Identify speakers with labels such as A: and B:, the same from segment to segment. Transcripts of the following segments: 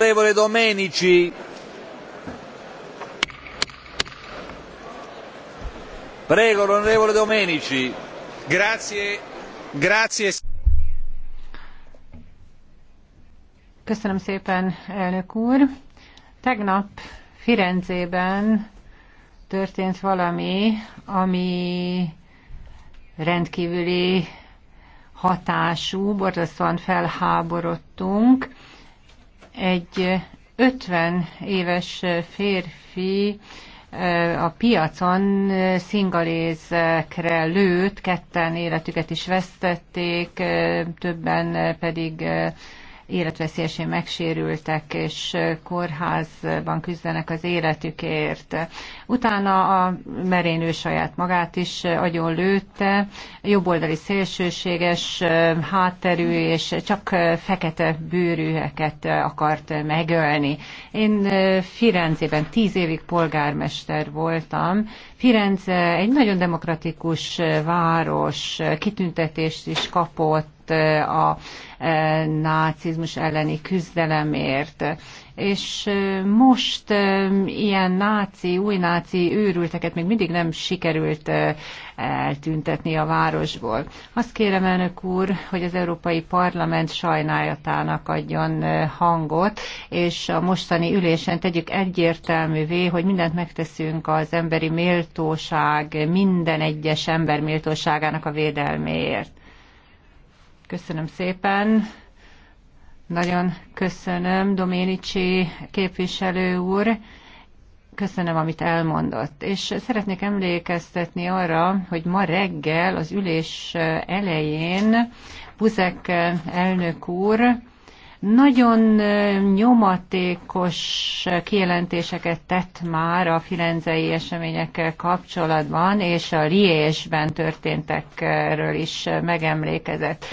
A: Onorevole Domenici.
B: Prego, onorevole Domenici. Grazie, grazie.
A: Köszönöm szépen, elnök úr. Tegnap Firenzében történt valami, ami rendkívüli hatású, borzasztóan felháborodtunk. Egy 50 éves férfi a piacon szingalézekre lőtt, ketten életüket is vesztették, többen pedig életveszélyesen megsérültek, és kórházban küzdenek az életükért. Utána a merénő saját magát is agyon lőtte, jobboldali szélsőséges hátterű és csak fekete bőrűeket akart megölni. Én Firenzében tíz évig polgármester voltam. Firenze egy nagyon demokratikus város, kitüntetést is kapott, a nácizmus elleni küzdelemért. És most ilyen náci, új náci őrülteket még mindig nem sikerült eltüntetni a városból. Azt kérem, elnök úr, hogy az Európai Parlament sajnálatának adjon hangot, és a mostani ülésen tegyük egyértelművé, hogy mindent megteszünk az emberi méltóság, minden egyes ember méltóságának a védelméért. Köszönöm szépen. Nagyon köszönöm Doménicsi képviselő úr. Köszönöm, amit elmondott. És szeretnék emlékeztetni arra, hogy ma reggel az ülés elején Buzek elnök úr nagyon nyomatékos kijelentéseket tett már a filenzei eseményekkel kapcsolatban, és a Liésben történtekről is megemlékezett.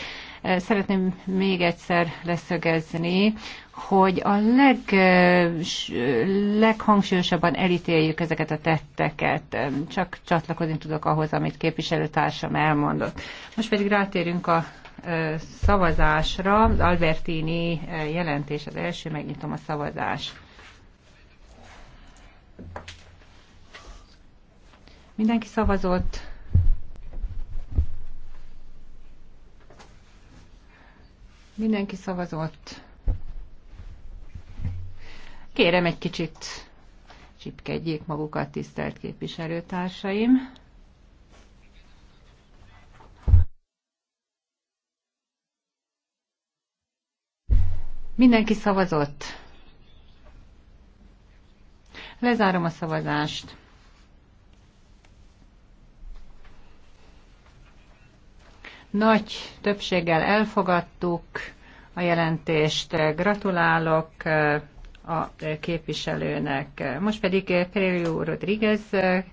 A: Eh, szeretném még egyszer leszögezni, hogy a leg, eh, leghangsúlyosabban elítéljük ezeket a tetteket. Csak csatlakozni tudok ahhoz, amit képviselőtársam elmondott. Most pedig rátérünk a eh, szavazásra. Albertini jelentés az első, megnyitom a szavazást. Mindenki szavazott. Mindenki szavazott. Kérem egy kicsit csipkedjék magukat, tisztelt képviselőtársaim. Mindenki szavazott. Lezárom a szavazást. Nagy többséggel elfogadtuk a jelentést. Gratulálok eh, a képviselőnek. Most pedig Perillo Rodriguez eh,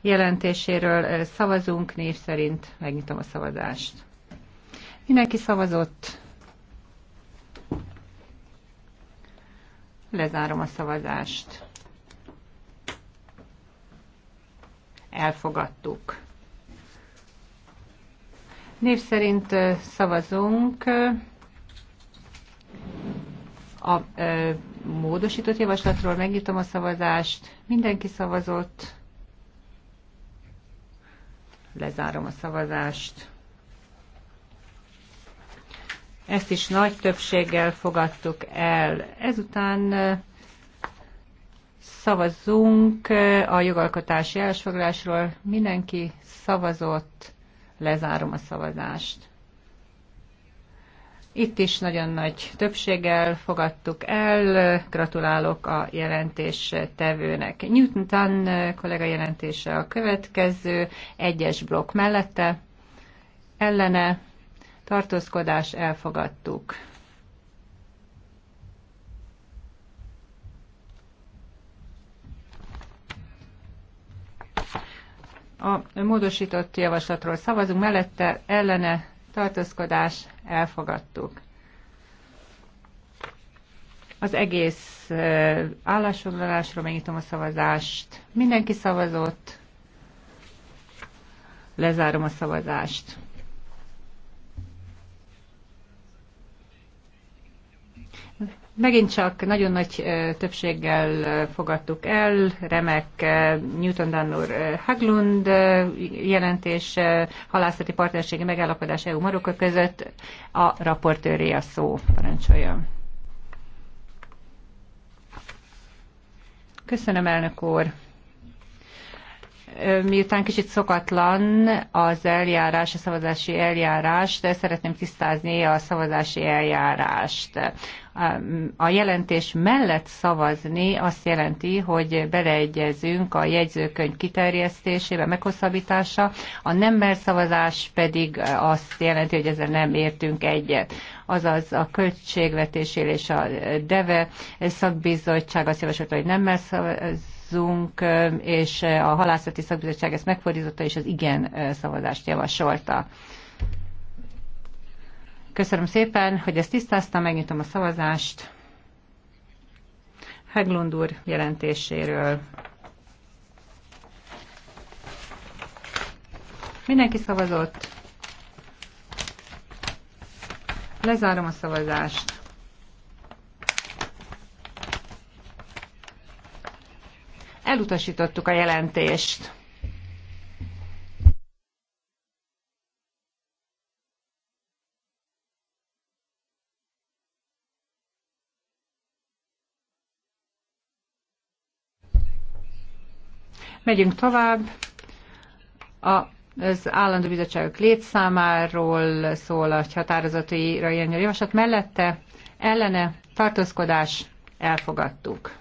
A: jelentéséről eh, szavazunk név szerint. Megnyitom a szavazást. Mindenki szavazott. Lezárom a szavazást. Elfogadtuk. Név szerint szavazunk a módosított javaslatról. Megnyitom a szavazást. Mindenki szavazott. Lezárom a szavazást. Ezt is nagy többséggel fogadtuk el. Ezután szavazunk a jogalkotási elsfoglalásról. Mindenki szavazott. Lezárom a szavazást. Itt is nagyon nagy többséggel fogadtuk el. Gratulálok a jelentés tevőnek. Newton Tan kollega jelentése a következő. Egyes blokk mellette. Ellene tartózkodás elfogadtuk. A módosított javaslatról szavazunk, mellette ellene tartózkodás elfogadtuk. Az egész állásfoglalásról megnyitom a szavazást. Mindenki szavazott. Lezárom a szavazást. Megint csak nagyon nagy többséggel fogadtuk el, remek Newton Dannur Haglund jelentés halászati partnerségi megállapodás EU Marokko között. A raportőré a szó, parancsolja. Köszönöm, elnök úr. Miután kicsit szokatlan az eljárás, a szavazási eljárás, de szeretném tisztázni a szavazási eljárást. A jelentés mellett szavazni azt jelenti, hogy beleegyezünk a jegyzőkönyv kiterjesztésébe, meghosszabbítása, a nemmel szavazás pedig azt jelenti, hogy ezzel nem értünk egyet azaz a költségvetésél és a DEVE szakbizottság azt javasolta, hogy nem szavaz, szavazzunk, és a halászati szakbizottság ezt megfordította, és az igen szavazást javasolta. Köszönöm szépen, hogy ezt tisztáztam, megnyitom a szavazást. Heglund úr jelentéséről. Mindenki szavazott. Lezárom a szavazást. Elutasítottuk a jelentést. Megyünk tovább. A az állandó bizottságok létszámáról szól a határozatai ilyen javaslat mellette, ellene tartózkodás elfogadtuk.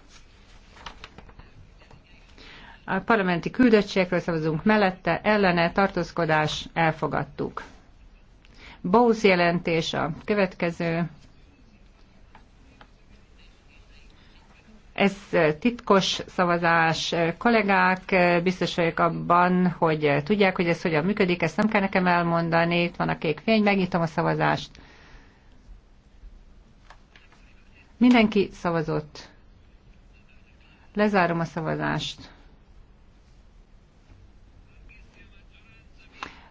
A: A parlamenti küldöttségről szavazunk mellette, ellene tartózkodás elfogadtuk. Bósz jelentés a következő. Ez titkos szavazás. Kollégák biztos vagyok abban, hogy tudják, hogy ez hogyan működik, ezt nem kell nekem elmondani. Itt van a kék fény, megnyitom a szavazást. Mindenki szavazott. Lezárom a szavazást.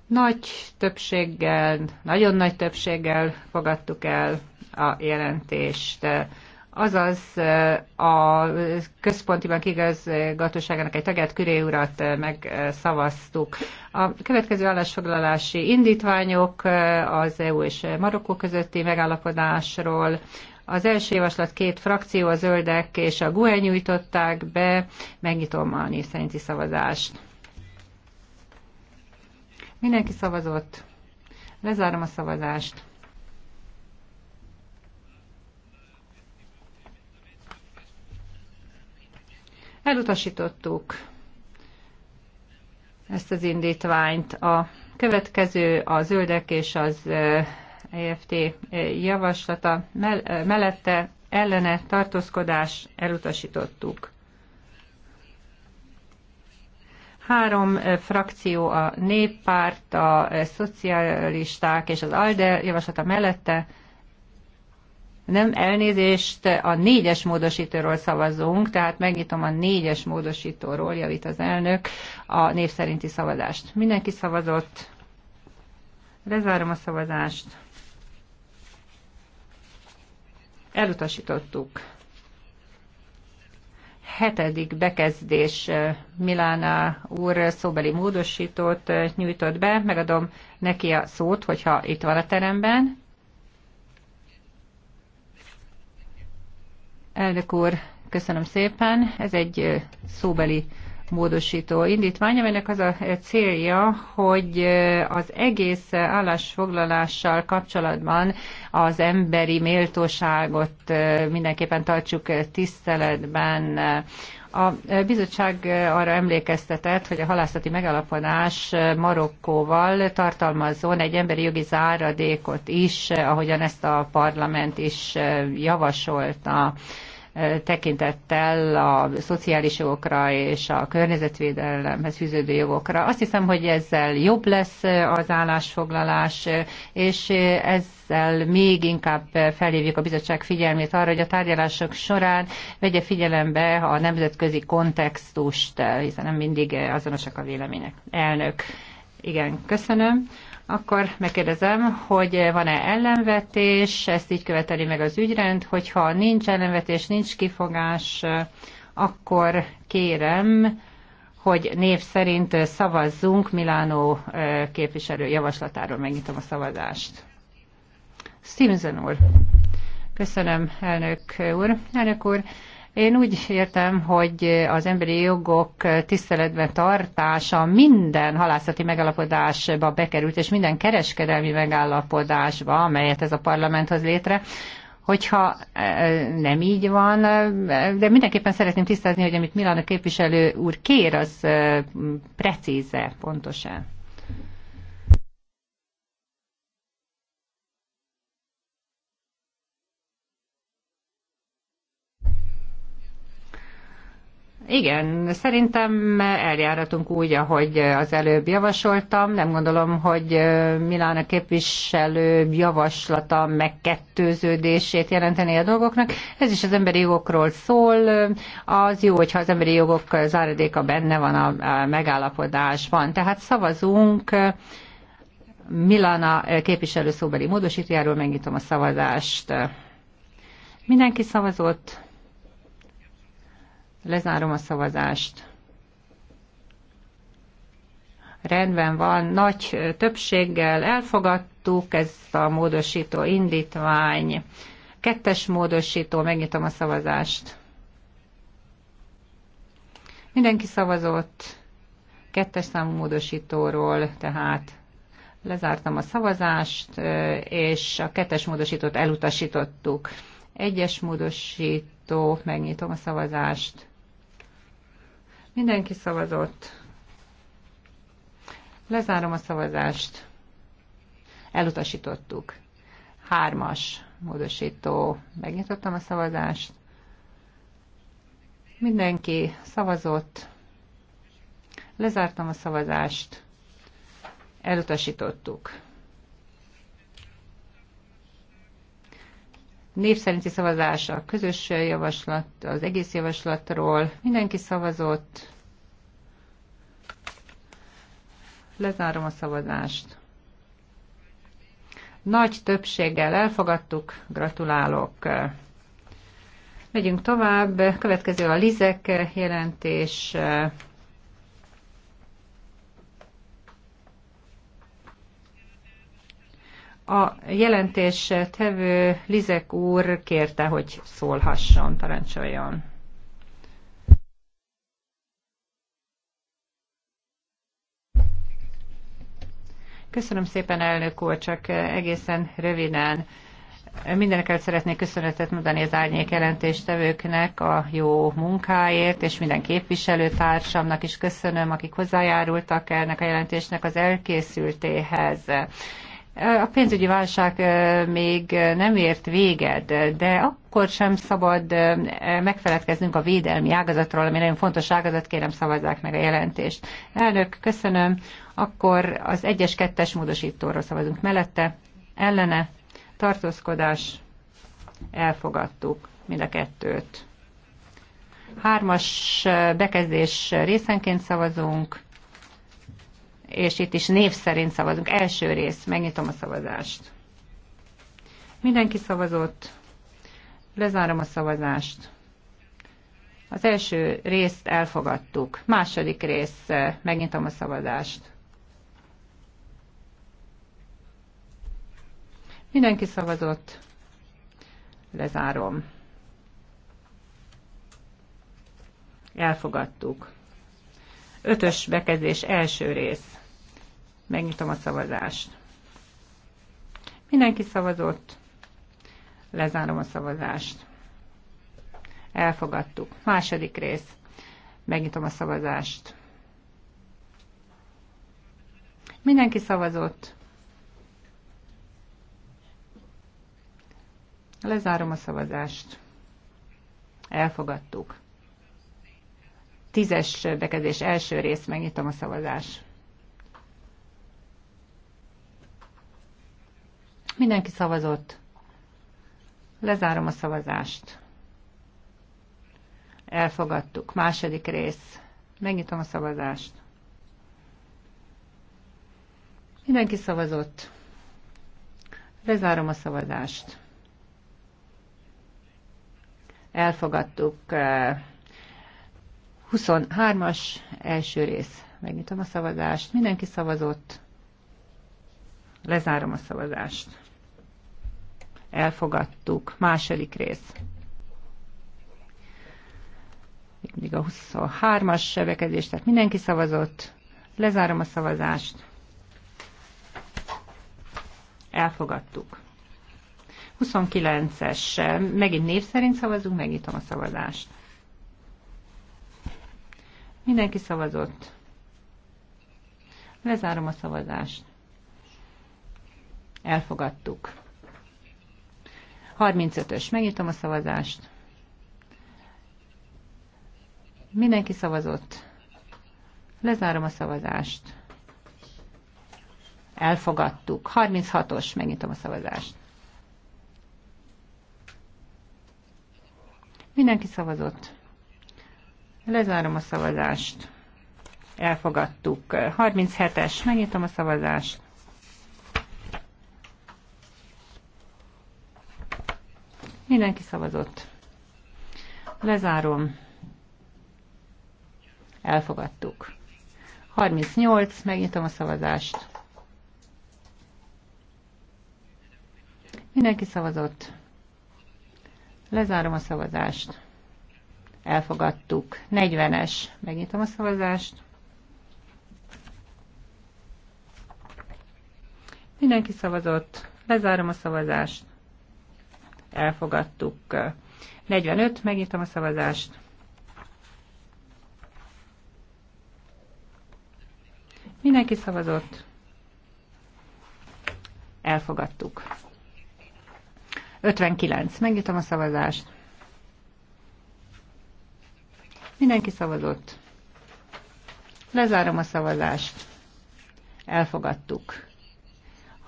A: Nagy többséggel, nagyon nagy többséggel fogadtuk el a jelentést azaz a központi bank igazgatóságának egy tagját, Küré urat megszavaztuk. A következő állásfoglalási indítványok az EU és Marokkó közötti megállapodásról, az első javaslat két frakció, a zöldek és a GUE nyújtották be. Megnyitom a név szerinti szavazást. Mindenki szavazott. Lezárom a szavazást. Elutasítottuk ezt az indítványt. A következő a zöldek és az EFT javaslata mellette ellene tartózkodás elutasítottuk. Három frakció, a néppárt, a szocialisták és az ALDE javaslata mellette nem elnézést, a négyes módosítóról szavazunk, tehát megnyitom a négyes módosítóról, javít az elnök a név szerinti szavazást. Mindenki szavazott. Lezárom a szavazást. Elutasítottuk hetedik bekezdés eh, Milána úr szóbeli módosítót eh, nyújtott be. Megadom neki a szót, hogyha itt van a teremben. Elnök úr, köszönöm szépen. Ez egy eh, szóbeli módosító indítvány, amelynek az a célja, hogy az egész állásfoglalással kapcsolatban az emberi méltóságot mindenképpen tartsuk tiszteletben. A bizottság arra emlékeztetett, hogy a halászati megalapodás Marokkóval tartalmazzon egy emberi jogi záradékot is, ahogyan ezt a parlament is javasolta tekintettel a szociális jogokra és a környezetvédelemhez fűződő jogokra. Azt hiszem, hogy ezzel jobb lesz az állásfoglalás, és ezzel még inkább felhívjuk a bizottság figyelmét arra, hogy a tárgyalások során vegye figyelembe a nemzetközi kontextust, hiszen nem mindig azonosak a vélemények. Elnök. Igen, köszönöm akkor megkérdezem, hogy van-e ellenvetés, ezt így követeli meg az ügyrend, hogyha nincs ellenvetés, nincs kifogás, akkor kérem, hogy név szerint szavazzunk Milánó képviselő javaslatáról. Megnyitom a szavazást. Stimson úr. Köszönöm, elnök úr. Elnök úr, én úgy értem, hogy az emberi jogok tiszteletben tartása minden halászati megállapodásba bekerült, és minden kereskedelmi megállapodásba, amelyet ez a parlament hoz létre, hogyha e, nem így van, e, de mindenképpen szeretném tisztázni, hogy amit Milán a képviselő úr kér, az e, precíze, pontosan. Igen, szerintem eljáratunk úgy, ahogy az előbb javasoltam. Nem gondolom, hogy Milán képviselő javaslata megkettőződését jelenteni a dolgoknak. Ez is az emberi jogokról szól. Az jó, hogyha az emberi jogok záradéka benne van a megállapodásban. Tehát szavazunk Milana képviselő szóbeli módosítójáról, megnyitom a szavazást. Mindenki szavazott? Lezárom a szavazást. Rendben van, nagy többséggel elfogadtuk ezt a módosító indítvány. Kettes módosító, megnyitom a szavazást. Mindenki szavazott kettes számú módosítóról, tehát lezártam a szavazást, és a kettes módosítót elutasítottuk. Egyes módosító, megnyitom a szavazást. Mindenki szavazott. Lezárom a szavazást. Elutasítottuk. Hármas módosító. Megnyitottam a szavazást. Mindenki szavazott. Lezártam a szavazást. Elutasítottuk. népszerinti szavazás a közös javaslat, az egész javaslatról. Mindenki szavazott. Lezárom a szavazást. Nagy többséggel elfogadtuk, gratulálok. Megyünk tovább. Következő a Lizek jelentés. A jelentés tevő Lizek úr kérte, hogy szólhasson, parancsoljon. Köszönöm szépen, elnök úr, csak egészen röviden. Mindenekelt szeretnék köszönetet mondani az árnyék jelentéstevőknek a jó munkáért, és minden képviselőtársamnak is köszönöm, akik hozzájárultak ennek a jelentésnek az elkészültéhez. A pénzügyi válság még nem ért véget, de akkor sem szabad megfeledkeznünk a védelmi ágazatról, ami nagyon fontos ágazat, kérem szavazzák meg a jelentést. Elnök, köszönöm. Akkor az 1-es, 2-es módosítóról szavazunk mellette. Ellene, tartózkodás, elfogadtuk mind a kettőt. Hármas bekezdés részenként szavazunk és itt is név szerint szavazunk. Első rész, megnyitom a szavazást. Mindenki szavazott, lezárom a szavazást. Az első részt elfogadtuk. Második rész, megnyitom a szavazást. Mindenki szavazott, lezárom. Elfogadtuk. Ötös bekezdés első rész. Megnyitom a szavazást. Mindenki szavazott. Lezárom a szavazást. Elfogadtuk. Második rész. Megnyitom a szavazást. Mindenki szavazott. Lezárom a szavazást. Elfogadtuk. Tízes bekezdés első rész, megnyitom a szavazást. Mindenki szavazott. Lezárom a szavazást. Elfogadtuk. Második rész. Megnyitom a szavazást. Mindenki szavazott. Lezárom a szavazást. Elfogadtuk. 23-as eh, első rész. Megnyitom a szavazást. Mindenki szavazott. Lezárom a szavazást elfogadtuk. Második rész. Mindig a 23-as sebekedés, tehát mindenki szavazott. Lezárom a szavazást. Elfogadtuk. 29-es, megint név szerint szavazunk, megnyitom a szavazást. Mindenki szavazott. Lezárom a szavazást. Elfogadtuk. 35-ös. Megnyitom a szavazást. Mindenki szavazott. Lezárom a szavazást. Elfogadtuk. 36-os. Megnyitom a szavazást. Mindenki szavazott. Lezárom a szavazást. Elfogadtuk. 37-es. Megnyitom a szavazást. Mindenki szavazott. Lezárom. Elfogadtuk. 38, megnyitom a szavazást. Mindenki szavazott. Lezárom a szavazást. Elfogadtuk. 40-es. Megnyitom a szavazást. Mindenki szavazott. Lezárom a szavazást elfogadtuk. 45, megnyitom a szavazást. Mindenki szavazott. Elfogadtuk. 59. Megnyitom a szavazást. Mindenki szavazott. Lezárom a szavazást. Elfogadtuk.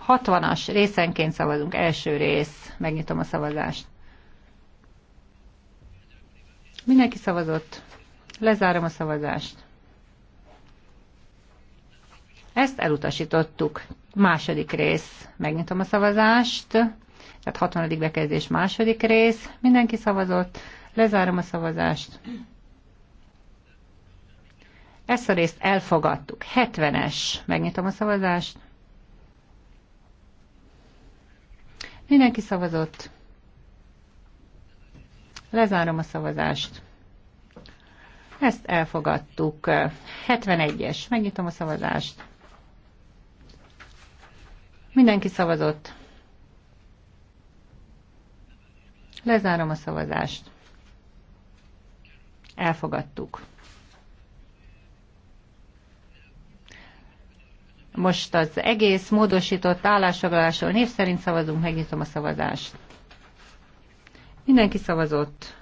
A: 60-as részenként szavazunk, első rész. Megnyitom a szavazást. Mindenki szavazott. Lezárom a szavazást. Ezt elutasítottuk. Második rész. Megnyitom a szavazást. Tehát 60. bekezdés második rész. Mindenki szavazott. Lezárom a szavazást. Ezt a részt elfogadtuk. 70-es. Megnyitom a szavazást. Mindenki szavazott. Lezárom a szavazást. Ezt elfogadtuk. 71-es. Megnyitom a szavazást. Mindenki szavazott. Lezárom a szavazást. Elfogadtuk. Most az egész módosított állásfoglalásról név szerint szavazunk, megnyitom a szavazást. Mindenki szavazott.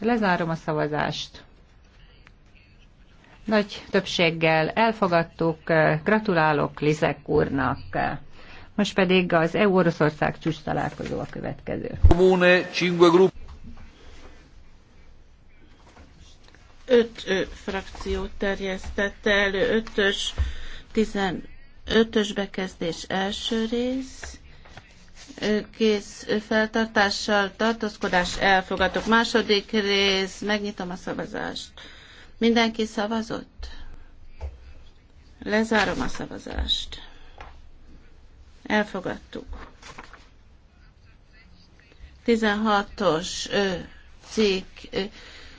A: Lezárom a szavazást. Nagy többséggel elfogadtuk, gratulálok Lizek úrnak. Most pedig az EU-Oroszország csúcs találkozó a következő.
B: öt frakció terjesztette elő, ötös, tizen, ötös bekezdés első rész, kész feltartással tartózkodás elfogadok. Második rész, megnyitom a szavazást. Mindenki szavazott? Lezárom a szavazást. Elfogadtuk. 16-os cikk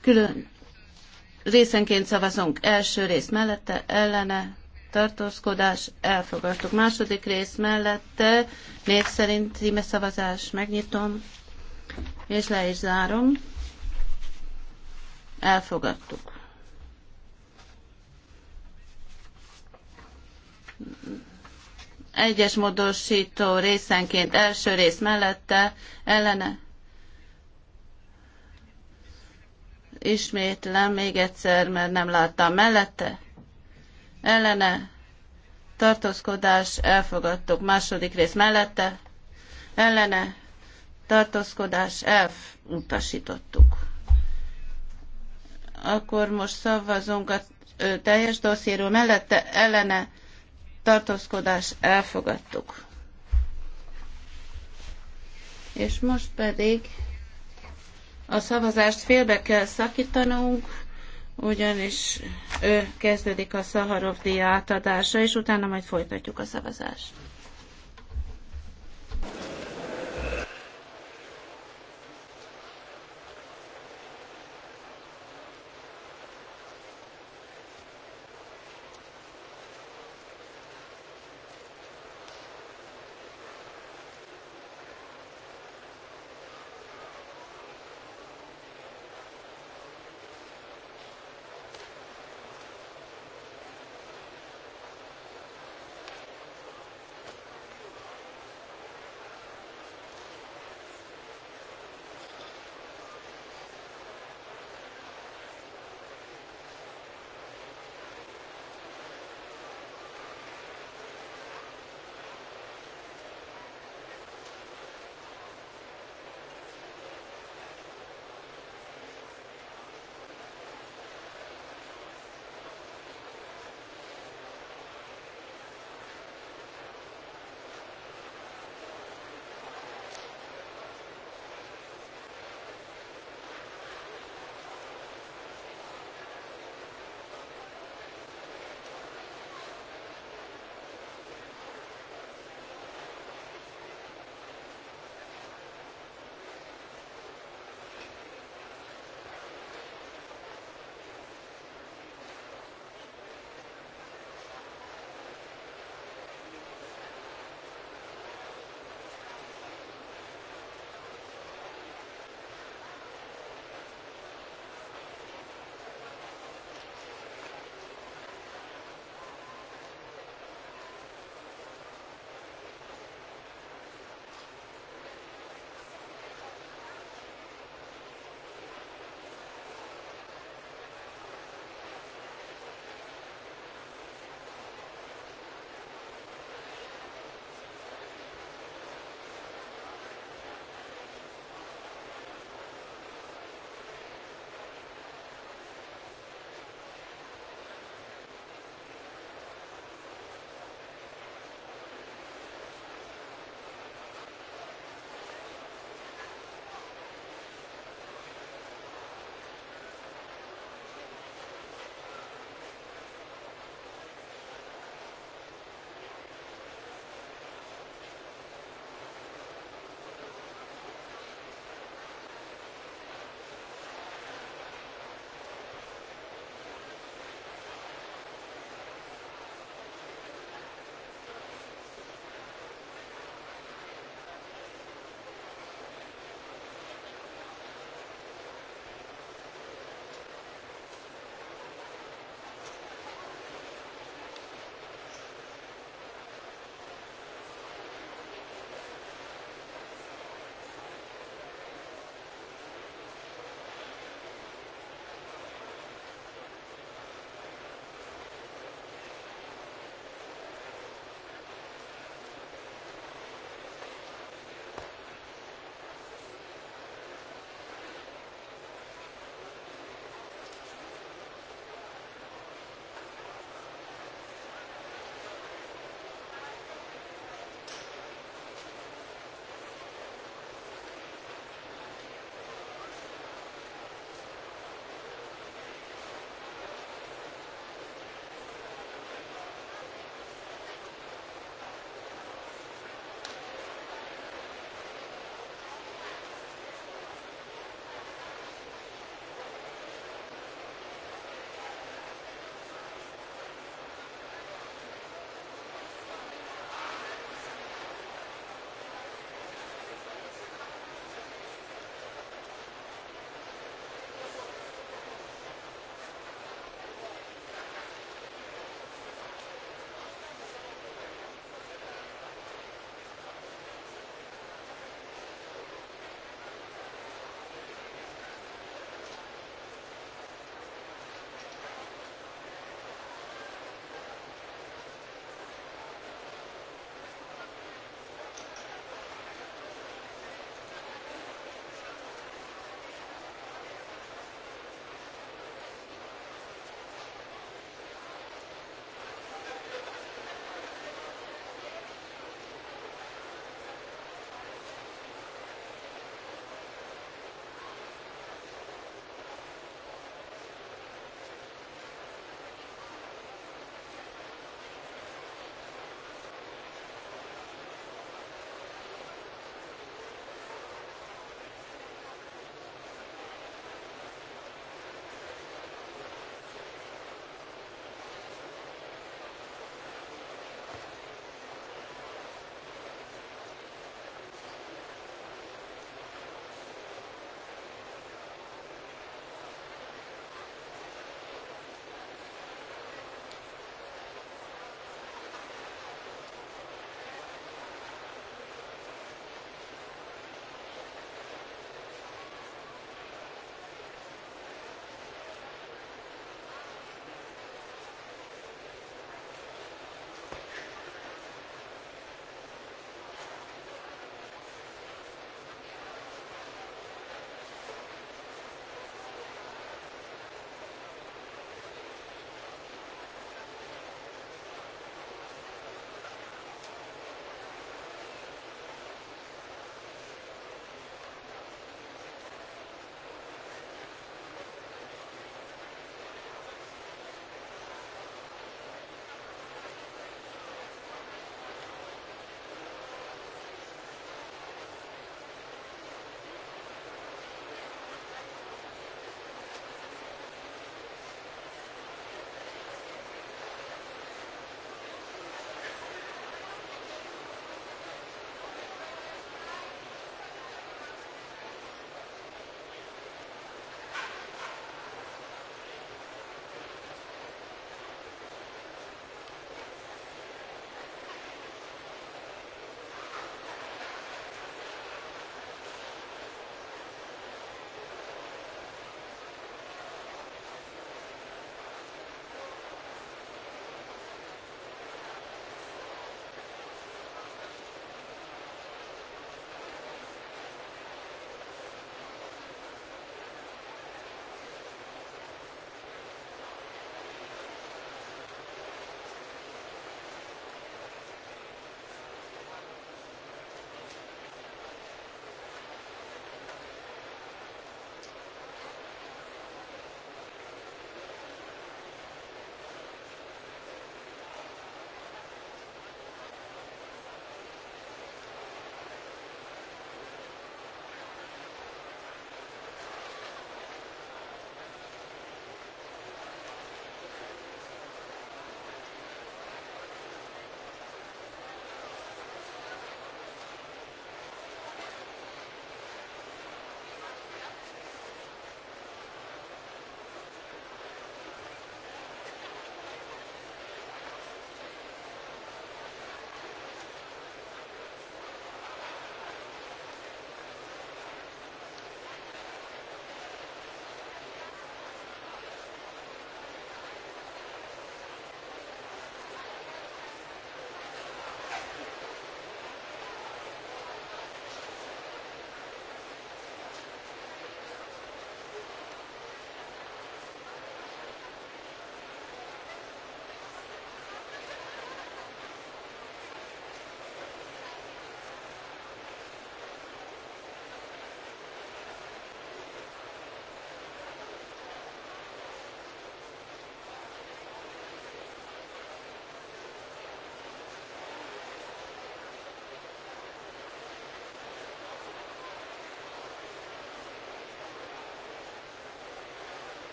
B: külön Részenként szavazunk első rész mellette, ellene, tartózkodás, elfogadtuk. Második rész mellette, név szerint íme szavazás, megnyitom, és le is zárom. Elfogadtuk. Egyes módosító részenként első rész mellette, ellene, Ismétlem még egyszer, mert nem láttam mellette. Ellene. Tartózkodás. Elfogadtuk. Második rész mellette. Ellene. Tartózkodás. utasítottuk. Akkor most szavazunk a teljes dossziéről mellette. Ellene. Tartózkodás. Elfogadtuk. És most pedig a szavazást félbe kell szakítanunk, ugyanis ő kezdődik a Szaharov díj átadása, és utána majd folytatjuk a szavazást.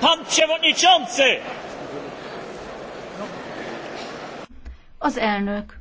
B: Pan Przewodniczący! Az elnök.